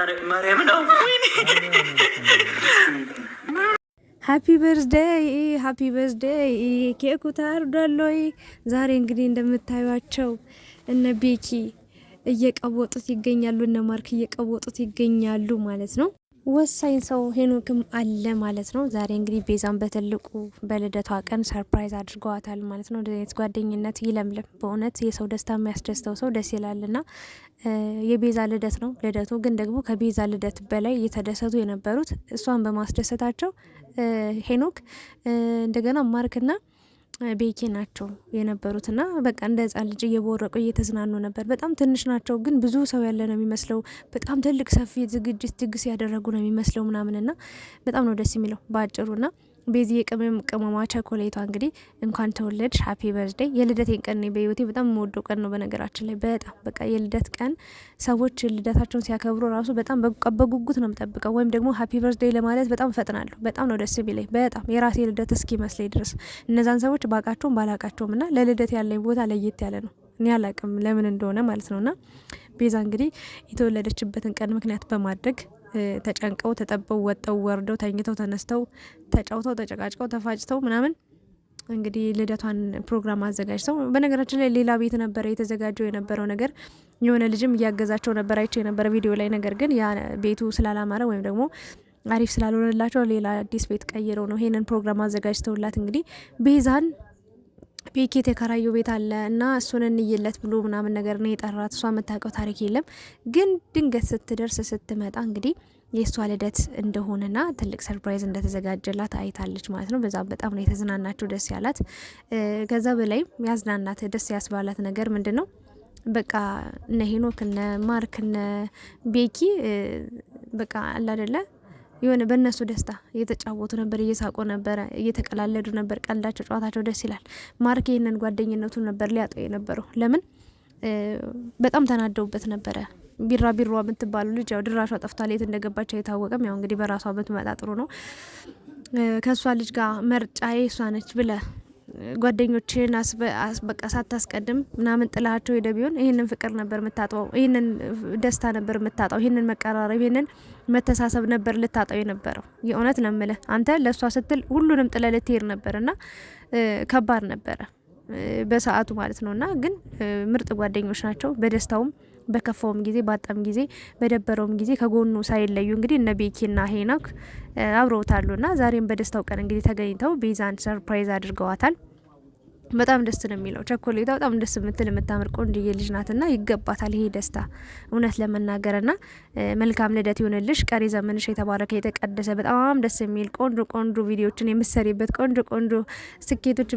ዛሬ ማርያም ነው። ሃፒ በርዝደይ ሃፒ በርዝደይ። ኬኩ ታርዷሎይ። ዛሬ እንግዲህ እንደምታዩቸው እነ ቤኪ እየቀወጡት ይገኛሉ፣ እነ ማርክ እየቀወጡት ይገኛሉ ማለት ነው። ወሳኝ ሰው ሄኖክም አለ ማለት ነው። ዛሬ እንግዲህ ቤዛን በትልቁ በልደቷ ቀን ሰርፕራይዝ አድርገዋታል ማለት ነው። ጓደኝነት ይለምልም በእውነት የሰው ደስታ የሚያስደስተው ሰው ደስ ና የቤዛ ልደት ነው። ልደቱ ግን ደግሞ ከቤዛ ልደት በላይ እየተደሰቱ የነበሩት እሷን በማስደሰታቸው ሄኖክ እንደገና ማርክና ቤኬ ናቸው የነበሩት እና በቃ እንደ ህጻን ልጅ እየቦረቁ እየተዝናኑ ነበር። በጣም ትንሽ ናቸው፣ ግን ብዙ ሰው ያለ ነው የሚመስለው። በጣም ትልቅ ሰፊ ዝግጅት ድግስ ያደረጉ ነው የሚመስለው ምናምንና በጣም ነው ደስ የሚለው በአጭሩ ና። ቤዚ የቅመም ቅመማ ቸኮሌቷ እንግዲህ እንኳን ተወለድ ሀፒ በርዝዴ። የልደቴን ቀን በህይወቴ በጣም የምወደው ቀን ነው። በነገራችን ላይ በጣም በቃ የልደት ቀን ሰዎች ልደታቸውን ሲያከብሩ ራሱ በጣም በጉጉት ነው የምጠብቀው፣ ወይም ደግሞ ሀፒ በርዝዴ ለማለት በጣም ፈጥናለሁ። በጣም ነው ደስ የሚለኝ፣ በጣም የራሴ ልደት እስኪመስለኝ ድረስ እነዛን ሰዎች ባቃቸውም ባላቃቸውም እና ለልደት ያለኝ ቦታ ለየት ያለ ነው። እኔ አላቅም ለምን እንደሆነ ማለት ነውና ቤዛ እንግዲህ የተወለደችበትን ቀን ምክንያት በማድረግ ተጨንቀው ተጠበው ወጠው ወርደው ተኝተው ተነስተው ተጫውተው ተጨቃጭቀው ተፋጭተው ምናምን እንግዲህ ልደቷን ፕሮግራም አዘጋጅተው፣ በነገራችን ላይ ሌላ ቤት ነበረ የተዘጋጀው የነበረው ነገር የሆነ ልጅም እያገዛቸው ነበር አይቸው የነበረ ቪዲዮ ላይ። ነገር ግን ያ ቤቱ ስላላማረ ወይም ደግሞ አሪፍ ስላልሆነላቸው ሌላ አዲስ ቤት ቀይረው ነው ይሄንን ፕሮግራም አዘጋጅተውላት እንግዲህ ቤዛን ቤኬት የከራየው ቤት አለ እና እሱን እንይለት ብሎ ምናምን ነገር ነው የጠራት። እሷ የምታውቀው ታሪክ የለም። ግን ድንገት ስትደርስ ስትመጣ እንግዲህ የእሷ ልደት እንደሆነና ትልቅ ሰርፕራይዝ እንደተዘጋጀላት አይታለች ማለት ነው። በዛም በጣም ነው የተዝናናችው፣ ደስ ያላት። ከዛ በላይ ያዝናናት ደስ ያስባላት ነገር ምንድን ነው? በቃ እነ ሄኖክ እነ ማርክ እነ ቤኪ በቃ አላደለ የሆነ በእነሱ ደስታ እየተጫወቱ ነበር፣ እየሳቁ ነበረ፣ እየተቀላለዱ ነበር። ቀልዳቸው፣ ጨዋታቸው ደስ ይላል። ማርክ ይህንን ጓደኝነቱ ነበር ሊያጠው የነበረው። ለምን በጣም ተናደውበት ነበረ። ቢራ ቢሯ የምትባሉ ልጅ ያው ድራሿ ጠፍቷል፣ የት እንደገባቸው አይታወቅም። ያው እንግዲህ በራሷ ብትመጣ ጥሩ ነው። ከእሷ ልጅ ጋር መርጫዬ እሷ ነች ብለ ጓደኞችን በቃ ሳታስቀድም ምናምን ጥላቸው ሄደ ቢሆን ይህንን ፍቅር ነበር የምታጣው፣ ይህንን ደስታ ነበር የምታጣው፣ ይህንን መቀራረብ፣ ይህንን መተሳሰብ ነበር ልታጣው የነበረው። የእውነት ነው አንተ ለእሷ ስትል ሁሉንም ጥለ ልትሄድ ነበር እና ከባድ ነበረ በሰዓቱ ማለት ነው። እና ግን ምርጥ ጓደኞች ናቸው በደስታውም በከፋውም ጊዜ በአጣም ጊዜ በደበረውም ጊዜ ከጎኑ ሳይለዩ እንግዲህ እነ ቤኪና ሄኖክ አብረውታሉና ዛሬም በደስታው ቀን እንግዲህ ተገኝተው ቤዛን ሰርፕራይዝ አድርገዋታል። በጣም ደስ ነው የሚለው። ቸኮሌቷ በጣም ደስ የምትል የምታምር ቆንጆዬ ልጅ ናትና ይገባታል ይሄ ደስታ እውነት ለመናገር ና መልካም ልደት ይሆንልሽ። ቀሪ ዘመንሽ የተባረከ የተቀደሰ፣ በጣም ደስ የሚል ቆንጆ ቆንጆ ቪዲዮችን የምሰሪበት ቆንጆ ቆንጆ ስኬቶች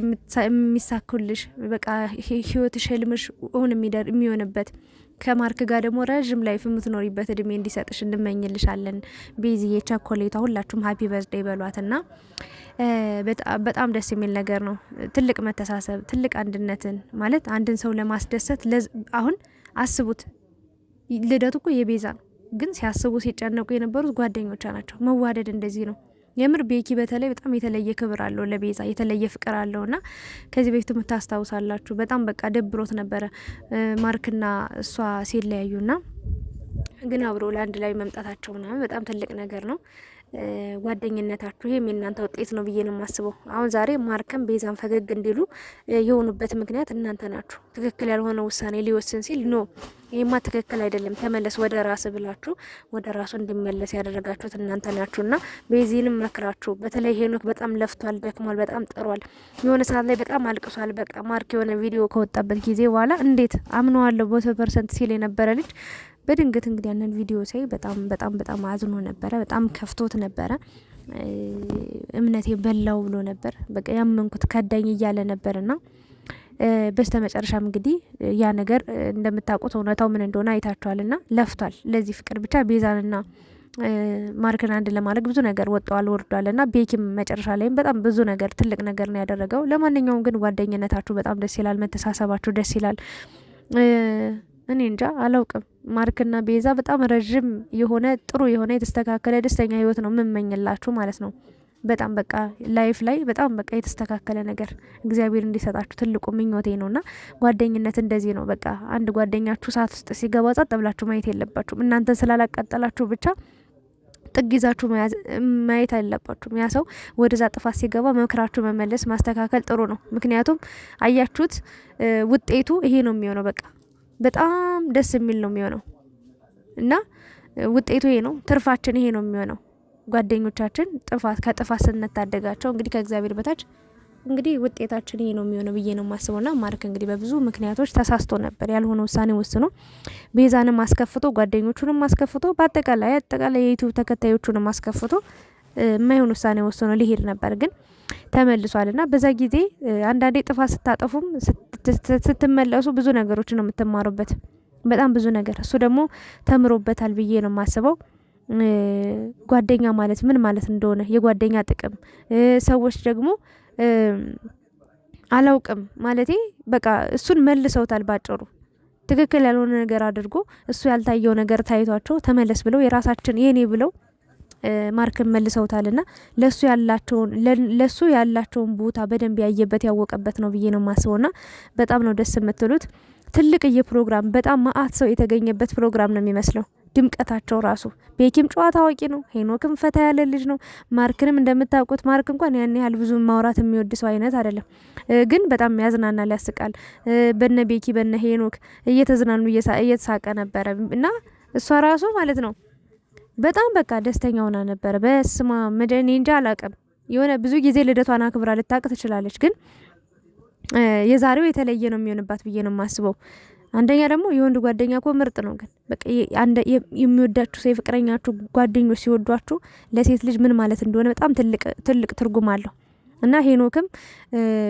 የሚሳኩልሽ፣ በቃ ህይወትሽ ህልምሽ እውን የሚሆንበት ከማርክ ጋር ደግሞ ረዥም ላይፍ የምትኖሪበት እድሜ እንዲሰጥሽ እንመኝልሻለን። ቤዝዬ ቸኮሌቷ ሁላችሁም ሀፒ በርዝዴ በሏትና በጣም ደስ የሚል ነገር ነው። ትልቅ መተሳሰብ፣ ትልቅ አንድነትን ማለት አንድን ሰው ለማስደሰት አሁን አስቡት፣ ልደቱ እኮ የቤዛ ነው፣ ግን ሲያስቡ ሲጨነቁ የነበሩት ጓደኞቿ ናቸው። መዋደድ እንደዚህ ነው። የምር ቤኪ በተለይ በጣም የተለየ ክብር አለው ለቤዛ የተለየ ፍቅር አለው እና ከዚህ በፊት የምታስታውሳላችሁ በጣም በቃ ደብሮት ነበረ ማርክና እሷ ሲለያዩና ግን አብሮ ለአንድ ላይ መምጣታቸው ምናምን በጣም ትልቅ ነገር ነው። ጓደኝነታችሁ ይህም የእናንተ ውጤት ነው ብዬ ነው የማስበው። አሁን ዛሬ ማርከም ቤዛን ፈገግ እንዲሉ የሆኑበት ምክንያት እናንተ ናችሁ። ትክክል ያልሆነ ውሳኔ ሊወስን ሲል ኖ ይህማ ትክክል አይደለም፣ ተመለስ ወደ ራስ ብላችሁ ወደ ራሱ እንዲመለስ ያደረጋችሁት እናንተ ናችሁና ቤዚንም መክራችሁ። በተለይ ሄኖክ በጣም ለፍቷል፣ ደክሟል፣ በጣም ጥሯል። የሆነ ሰዓት ላይ በጣም አልቅሷል። በቃ ማርክ የሆነ ቪዲዮ ከወጣበት ጊዜ በኋላ እንዴት አምነዋለሁ በቶ ፐርሰንት ሲል የነበረ ልጅ በድንገት እንግዲህ ያንን ቪዲዮ ሳይ በጣም በጣም በጣም አዝኖ ነበረ። በጣም ከፍቶት ነበረ። እምነቴ በላው ብሎ ነበር። በቃ ያመንኩት ከዳኝ እያለ ነበርና በስተ መጨረሻም እንግዲህ ያ ነገር እንደምታውቁት እውነታው ምን እንደሆነ አይታችኋልና ለፍቷል። ለዚህ ፍቅር ብቻ ቤዛንና ማርክን አንድ ለማድረግ ብዙ ነገር ወጥተዋል ወርዷል። እና ቤኪም መጨረሻ ላይም በጣም ብዙ ነገር ትልቅ ነገር ነው ያደረገው። ለማንኛውም ግን ጓደኝነታችሁ በጣም ደስ ይላል፣ መተሳሰባችሁ ደስ ይላል። እኔ እንጃ አላውቅም ማርክና ቤዛ በጣም ረዥም የሆነ ጥሩ የሆነ የተስተካከለ ደስተኛ ህይወት ነው የምመኝላችሁ ማለት ነው። በጣም በቃ ላይፍ ላይ በጣም በቃ የተስተካከለ ነገር እግዚአብሔር እንዲሰጣችሁ ትልቁ ምኞቴ ነውና ጓደኝነት እንደዚህ ነው። በቃ አንድ ጓደኛችሁ ሰዓት ውስጥ ሲገባ ጸጥ ብላችሁ ማየት የለባችሁም። እናንተን ስላላቃጠላችሁ ብቻ ጥግ ይዛችሁ ማየት አለባችሁም። ያ ሰው ወደዛ ጥፋት ሲገባ መክራችሁ መመለስ ማስተካከል ጥሩ ነው። ምክንያቱም አያችሁት ውጤቱ ይሄ ነው የሚሆነው በቃ በጣም ደስ የሚል ነው የሚሆነው እና ውጤቱ ይሄ ነው፣ ትርፋችን ይሄ ነው የሚሆነው። ጓደኞቻችን ጥፋት ከጥፋት ስንታደጋቸው እንግዲህ ከእግዚአብሔር በታች እንግዲህ ውጤታችን ይሄ ነው የሚሆነው ብዬ ነው የማስበው። ና ማርክ እንግዲህ በብዙ ምክንያቶች ተሳስቶ ነበር። ያልሆነ ውሳኔ ወስኖ ቤዛንም አስከፍቶ ጓደኞቹንም አስከፍቶ በአጠቃላይ አጠቃላይ የዩቱብ ተከታዮቹንም አስከፍቶ የማይሆን ውሳኔ ወስኖ ሊሄድ ነበር ግን ተመልሷል እና በዛ ጊዜ አንዳንዴ ጥፋት ስታጠፉም ስትመለሱ ብዙ ነገሮችን ነው የምትማሩበት። በጣም ብዙ ነገር እሱ ደግሞ ተምሮበታል ብዬ ነው የማስበው። ጓደኛ ማለት ምን ማለት እንደሆነ የጓደኛ ጥቅም፣ ሰዎች ደግሞ አላውቅም ማለቴ በቃ እሱን መልሰውታል ባጭሩ። ትክክል ያልሆነ ነገር አድርጎ እሱ ያልታየው ነገር ታይቷቸው ተመለስ ብለው የራሳችን የኔ ብለው ማርክን መልሰውታል ና ለሱ ያላቸውን ለሱ ያላቸውን ቦታ በደንብ ያየበት ያወቀበት ነው ብዬ ነው ማስበው ና በጣም ነው ደስ የምትሉት ትልቅዬ ፕሮግራም፣ በጣም ማአት ሰው የተገኘበት ፕሮግራም ነው የሚመስለው። ድምቀታቸው ራሱ ቤኪም ጨዋታ አዋቂ ነው። ሄኖክም ፈታ ያለ ልጅ ነው። ማርክንም እንደምታውቁት ማርክ እንኳን ያን ያህል ብዙ ማውራት የሚወድ ሰው አይነት አይደለም፣ ግን በጣም ያዝናናል፣ ያስቃል። በነ ቤኪ በነ ሄኖክ እየተዝናኑ እየተሳቀ ነበረ እና እሷ ራሱ ማለት ነው በጣም በቃ ደስተኛ ሆና ነበረ። በስማ መደኔ እንጂ አላቅም የሆነ ብዙ ጊዜ ልደቷን አክብራ ልታቅ ትችላለች፣ ግን የዛሬው የተለየ ነው የሚሆንባት ብዬ ነው የማስበው። አንደኛ ደግሞ የወንድ ጓደኛ ኮ ምርጥ ነው። ግን በቃ የሚወዳችሁ ሰው የፍቅረኛችሁ ጓደኞች ሲወዷችሁ ለሴት ልጅ ምን ማለት እንደሆነ በጣም ትልቅ ትርጉም አለው እና ሄኖክም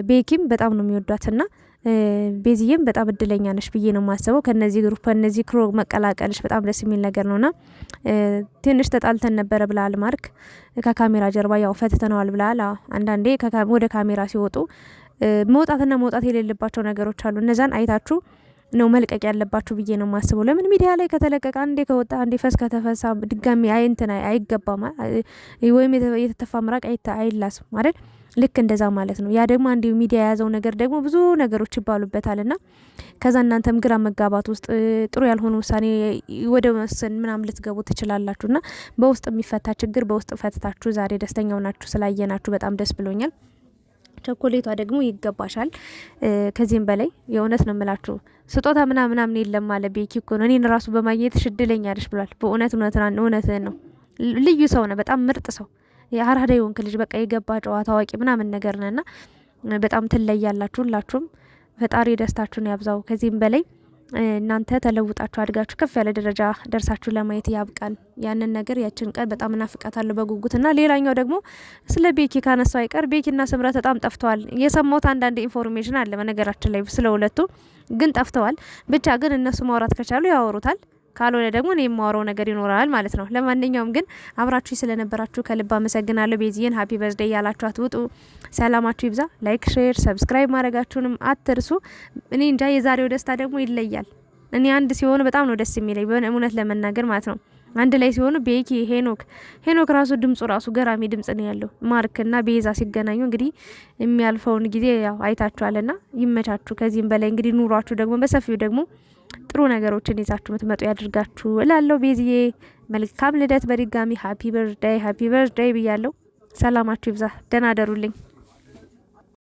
ቤኪም በጣም ነው የሚወዷትና ቤዝዬም በጣም እድለኛ ነሽ ብዬ ነው የማስበው። ከነዚህ ግሩፕ ከነዚህ ክሮ መቀላቀልሽ በጣም ደስ የሚል ነገር ነውና ትንሽ ተጣልተን ነበረ ብላል ማርክ። ከካሜራ ጀርባ ያው ፈትተነዋል ብላል። አንዳንዴ ወደ ካሜራ ሲወጡ መውጣትና መውጣት የሌለባቸው ነገሮች አሉ። እነዛን አይታችሁ ነው መልቀቅ ያለባችሁ ብዬ ነው የማስበው። ለምን ሚዲያ ላይ ከተለቀቀ አንዴ ከወጣ አንዴ ፈስ ከተፈሳ ድጋሚ እንትን አይገባም፣ ወይም የተተፋ ምራቅ አይላስም ማለት ልክ እንደዛ ማለት ነው። ያ ደግሞ አንድ ሚዲያ የያዘው ነገር ደግሞ ብዙ ነገሮች ይባሉበታል እና ከዛ እናንተም ግራ መጋባት ውስጥ ጥሩ ያልሆነ ውሳኔ ወደ መስን ምናምን ልትገቡ ትችላላችሁ። እና በውስጥ የሚፈታ ችግር በውስጥ ፈትታችሁ ዛሬ ደስተኛው ናችሁ። ስላየናችሁ በጣም ደስ ብሎኛል። ቸኮሌቷ ደግሞ ይገባሻል። ከዚህም በላይ የእውነት ነው የምላችሁ ስጦታ ምናምናምን የለም አለ ቤኪ እኮ ነው እኔን ራሱ በማግኘት እድለኛ ነሽ ብሏል። በእውነት እውነትህን ነው። ልዩ ሰው ነው፣ በጣም ምርጥ ሰው የአራዳ የወንክ ልጅ በቃ የገባ ጨዋ ታዋቂ ምናምን ነገር ነና በጣም ትለያላችሁ። ሁላችሁም ፈጣሪ ደስታችሁን ያብዛው ከዚህም በላይ እናንተ ተለውጣችሁ አድጋችሁ ከፍ ያለ ደረጃ ደርሳችሁ ለማየት ያብቃን። ያንን ነገር ያችን ቀን በጣም እናፍቃታለሁ በጉጉት እና ሌላኛው ደግሞ ስለ ቤኪ ካነሳው አይቀር ቤኪና ስምረት በጣም ጠፍተዋል። የሰማሁት አንዳንድ ኢንፎርሜሽን አለ በነገራችን ላይ ስለ ሁለቱ ግን ጠፍተዋል። ብቻ ግን እነሱ ማውራት ከቻሉ ያወሩታል። ካልሆነ ደግሞ እኔ የማወራው ነገር ይኖራል ማለት ነው። ለማንኛውም ግን አብራችሁ ስለነበራችሁ ከልብ አመሰግናለሁ። ቤዚየን ሀፒ በርዝዴይ ያላችኋት ውጡ። ሰላማችሁ ይብዛ። ላይክ፣ ሼር፣ ሰብስክራይብ ማድረጋችሁንም አትርሱ። እኔ እንጃ የዛሬው ደስታ ደግሞ ይለያል። እኔ አንድ ሲሆኑ በጣም ነው ደስ የሚለኝ እውነት ለመናገር ማለት ነው። አንድ ላይ ሲሆኑ ቤኪ ሄኖክ ሄኖክ ራሱ ድምፁ ራሱ ገራሚ ድምጽ ነው ያለው። ማርክና ቤዛ ሲገናኙ እንግዲህ የሚያልፈውን ጊዜ ያው ና ይመቻችሁ። ከዚህም በላይ እንግዲህ ኑሯችሁ ደግሞ በሰፊው ደግሞ ጥሩ ነገሮችን ይዛችሁ ምትመጡ ያድርጋችሁ እላለሁ። ቤዝዬ መልካም ልደት በድጋሚ ሀፒ በርዳይ ሀፒ በርዳይ ብያለሁ። ሰላማችሁ ይብዛ። ደህና ደሩልኝ።